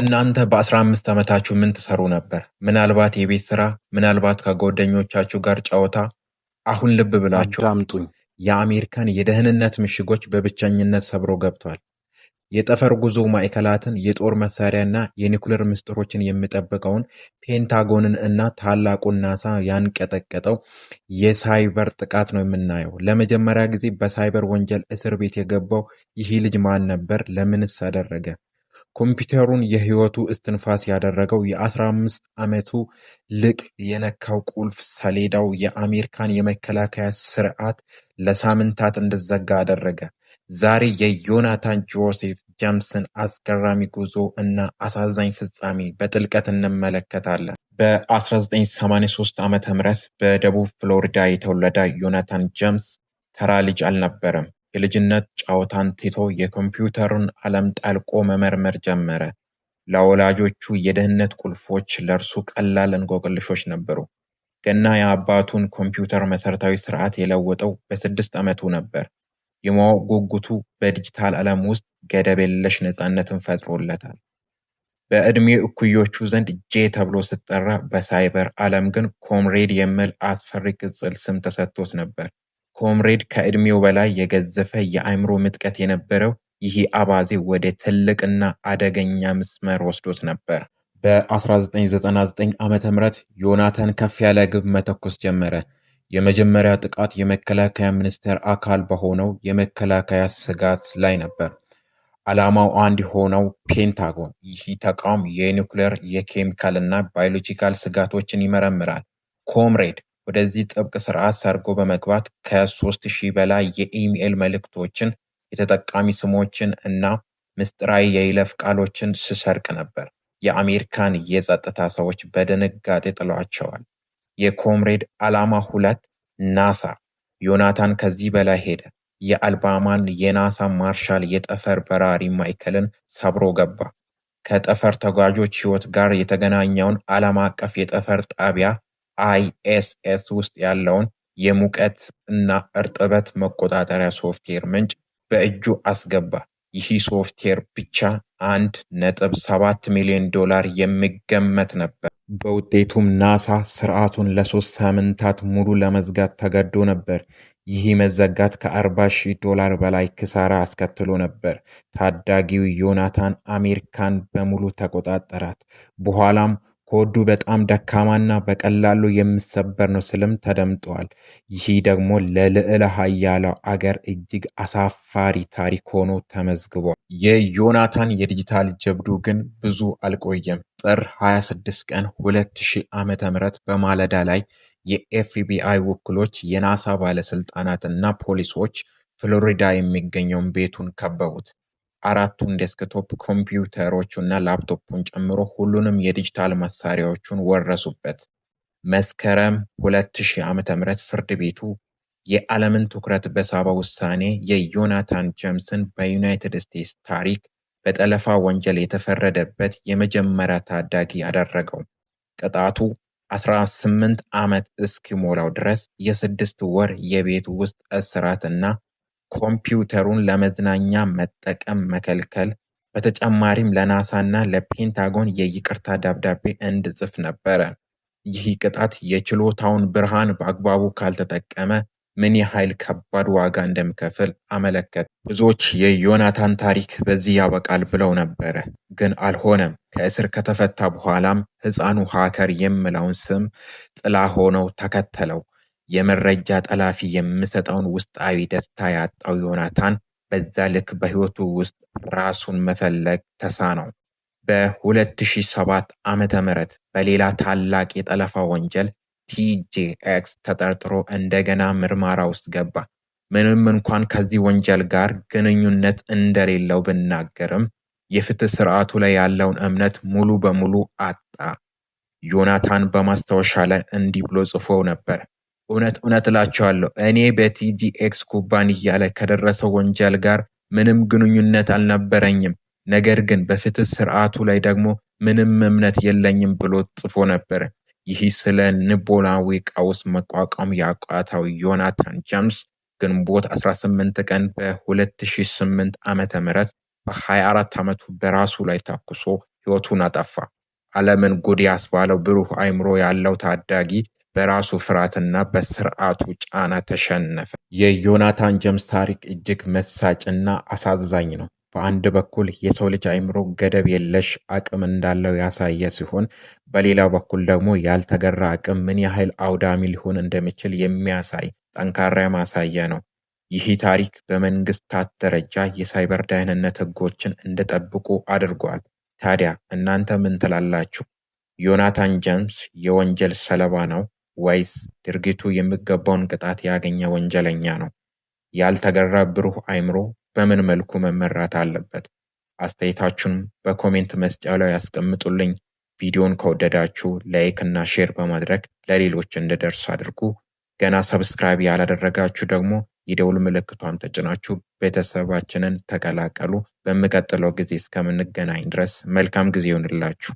እናንተ በአስራ አምስት ዓመታችሁ ምን ትሰሩ ነበር? ምናልባት የቤት ስራ፣ ምናልባት ከጓደኞቻችሁ ጋር ጨዋታ። አሁን ልብ ብላችሁ አምጡኝ። የአሜሪካን የደህንነት ምሽጎች በብቸኝነት ሰብሮ ገብቷል። የጠፈር ጉዞ ማዕከላትን፣ የጦር መሳሪያና የኒኩሌር ምስጢሮችን የሚጠብቀውን ፔንታጎንን እና ታላቁን ናሳ ያንቀጠቀጠው የሳይበር ጥቃት ነው የምናየው። ለመጀመሪያ ጊዜ በሳይበር ወንጀል እስር ቤት የገባው ይህ ልጅ ማን ነበር? ለምንስ አደረገ? ኮምፒውተሩን የህይወቱ እስትንፋስ ያደረገው የ15 ዓመቱ ልቅ የነካው ቁልፍ ሰሌዳው የአሜሪካን የመከላከያ ስርዓት ለሳምንታት እንዲዘጋ አደረገ። ዛሬ የዮናታን ጆሴፍ ጀምስን አስገራሚ ጉዞ እና አሳዛኝ ፍጻሜ በጥልቀት እንመለከታለን። በ1983 ም በደቡብ ፍሎሪዳ የተወለደ ዮናታን ጀምስ ተራ ልጅ አልነበረም። የልጅነት ጨዋታን ትቶ የኮምፒውተሩን ዓለም ጠልቆ መመርመር ጀመረ። ለወላጆቹ የደህንነት ቁልፎች ለእርሱ ቀላል እንቆቅልሾች ነበሩ። ገና የአባቱን ኮምፒውተር መሠረታዊ ሥርዓት የለወጠው በስድስት ዓመቱ ነበር። የማወቅ ጉጉቱ በዲጂታል ዓለም ውስጥ ገደብ የለሽ ነፃነትን ፈጥሮለታል። በዕድሜ እኩዮቹ ዘንድ ጄ ተብሎ ሲጠራ፣ በሳይበር ዓለም ግን ኮምሬድ የሚል አስፈሪ ቅጽል ስም ተሰጥቶት ነበር። ኮምሬድ ከዕድሜው በላይ የገዘፈ የአእምሮ ምጥቀት የነበረው ይህ አባዜ ወደ ትልቅና አደገኛ ምስመር ወስዶት ነበር። በ1999 ዓ ም ዮናታን ከፍ ያለ ግብ መተኮስ ጀመረ። የመጀመሪያ ጥቃት የመከላከያ ሚኒስቴር አካል በሆነው የመከላከያ ስጋት ላይ ነበር። ዓላማው አንድ የሆነው ፔንታጎን፣ ይህ ተቋም የኒውክሌር የኬሚካል እና ባዮሎጂካል ስጋቶችን ይመረምራል። ኮምሬድ ወደዚህ ጥብቅ ስርዓት ሰርጎ በመግባት ከሶስት ሺህ በላይ የኢሜይል መልእክቶችን የተጠቃሚ ስሞችን እና ምስጢራዊ የይለፍ ቃሎችን ስሰርቅ ነበር። የአሜሪካን የጸጥታ ሰዎች በድንጋጤ ጥሏቸዋል። የኮምሬድ ዓላማ ሁለት ናሳ ዮናታን ከዚህ በላይ ሄደ። የአልባማን የናሳ ማርሻል የጠፈር በራሪ ማዕከልን ሰብሮ ገባ። ከጠፈር ተጓዦች ሕይወት ጋር የተገናኘውን ዓለም አቀፍ የጠፈር ጣቢያ አይኤስኤስ ውስጥ ያለውን የሙቀት እና እርጥበት መቆጣጠሪያ ሶፍትዌር ምንጭ በእጁ አስገባ። ይህ ሶፍትዌር ብቻ አንድ ነጥብ ሰባት ሚሊዮን ዶላር የሚገመት ነበር። በውጤቱም ናሳ ስርዓቱን ለሶስት ሳምንታት ሙሉ ለመዝጋት ተገዶ ነበር። ይህ መዘጋት ከ40 ሺህ ዶላር በላይ ክሳራ አስከትሎ ነበር። ታዳጊው ዮናታን አሜሪካን በሙሉ ተቆጣጠራት። በኋላም ሆዱ በጣም ደካማና በቀላሉ የሚሰበር ነው ስልም ተደምጧል። ይህ ደግሞ ለልዕለ ኃያለው አገር እጅግ አሳፋሪ ታሪክ ሆኖ ተመዝግቧል። የዮናታን የዲጂታል ጀብዱ ግን ብዙ አልቆየም። ጥር 26 ቀን 2000 ዓ.ም በማለዳ ላይ የኤፍቢአይ ውክሎች የናሳ ባለስልጣናት እና ፖሊሶች ፍሎሪዳ የሚገኘውን ቤቱን ከበቡት። አራቱን ዴስክቶፕ ኮምፒውተሮቹ እና ላፕቶፑን ጨምሮ ሁሉንም የዲጂታል መሳሪያዎቹን ወረሱበት። መስከረም 2000 ዓ.ም ፍርድ ቤቱ የዓለምን ትኩረት በሳበ ውሳኔ የዮናታን ጀምስን በዩናይትድ ስቴትስ ታሪክ በጠለፋ ወንጀል የተፈረደበት የመጀመሪያ ታዳጊ ያደረገው። ቅጣቱ 18 ዓመት እስኪሞላው ድረስ የስድስት ወር የቤት ውስጥ እስራት እና ኮምፒውተሩን ለመዝናኛ መጠቀም መከልከል በተጨማሪም ለናሳ እና ለፔንታጎን የይቅርታ ደብዳቤ እንድጽፍ ነበረ። ይህ ቅጣት የችሎታውን ብርሃን በአግባቡ ካልተጠቀመ ምን ያህል ከባድ ዋጋ እንደምከፍል አመለከተ። ብዙዎች የዮናታን ታሪክ በዚህ ያበቃል ብለው ነበረ፣ ግን አልሆነም። ከእስር ከተፈታ በኋላም ሕፃኑ ሀከር የምለውን ስም ጥላ ሆነው ተከተለው። የመረጃ ጠላፊ የምሰጠውን ውስጣዊ ደስታ ያጣው ዮናታን በዛ ልክ በህይወቱ ውስጥ ራሱን መፈለግ ተሳነው። በ2007 ዓመተ ምህረት በሌላ ታላቅ የጠለፋ ወንጀል ቲጄኤክስ ተጠርጥሮ እንደገና ምርመራ ውስጥ ገባ። ምንም እንኳን ከዚህ ወንጀል ጋር ግንኙነት እንደሌለው ብናገርም የፍትህ ስርዓቱ ላይ ያለውን እምነት ሙሉ በሙሉ አጣ። ዮናታን በማስታወሻ ላይ እንዲህ ብሎ ጽፎ ነበር። እውነት እውነት እላቸዋለሁ እኔ በቲዲኤክስ ኩባንያ ላይ ከደረሰው ወንጀል ጋር ምንም ግንኙነት አልነበረኝም፣ ነገር ግን በፍትህ ስርዓቱ ላይ ደግሞ ምንም እምነት የለኝም ብሎ ጽፎ ነበር። ይህ ስለ ንቦናዊ ቀውስ መቋቋም ያቃተው ዮናታን ጀምስ ግንቦት 18 ቀን በ2008 ዓ ም በ24 ዓመቱ በራሱ ላይ ተኩሶ ህይወቱን አጠፋ። ዓለምን ጉድ ያስባለው ብሩህ አይምሮ ያለው ታዳጊ በራሱ ፍርሃትና በስርዓቱ ጫና ተሸነፈ። የዮናታን ጀምስ ታሪክ እጅግ መሳጭና አሳዛኝ ነው። በአንድ በኩል የሰው ልጅ አይምሮ ገደብ የለሽ አቅም እንዳለው ያሳየ ሲሆን፣ በሌላ በኩል ደግሞ ያልተገራ አቅም ምን ያህል አውዳሚ ሊሆን እንደሚችል የሚያሳይ ጠንካራ ማሳያ ነው። ይህ ታሪክ በመንግስታት ደረጃ የሳይበር ደህንነት ህጎችን እንዲጠብቁ አድርጓል። ታዲያ እናንተ ምን ትላላችሁ? ዮናታን ጀምስ የወንጀል ሰለባ ነው? ወይስ ድርጊቱ የሚገባውን ቅጣት ያገኘ ወንጀለኛ ነው? ያልተገራ ብሩህ አእምሮ በምን መልኩ መመራት አለበት? አስተያየታችሁን በኮሜንት መስጫ ላይ ያስቀምጡልኝ። ቪዲዮን ከወደዳችሁ ላይክ እና ሼር በማድረግ ለሌሎች እንዲደርስ አድርጉ። ገና ሰብስክራይብ ያላደረጋችሁ ደግሞ የደውል ምልክቷን ተጭናችሁ ቤተሰባችንን ተቀላቀሉ። በሚቀጥለው ጊዜ እስከምንገናኝ ድረስ መልካም ጊዜ ይሆንላችሁ።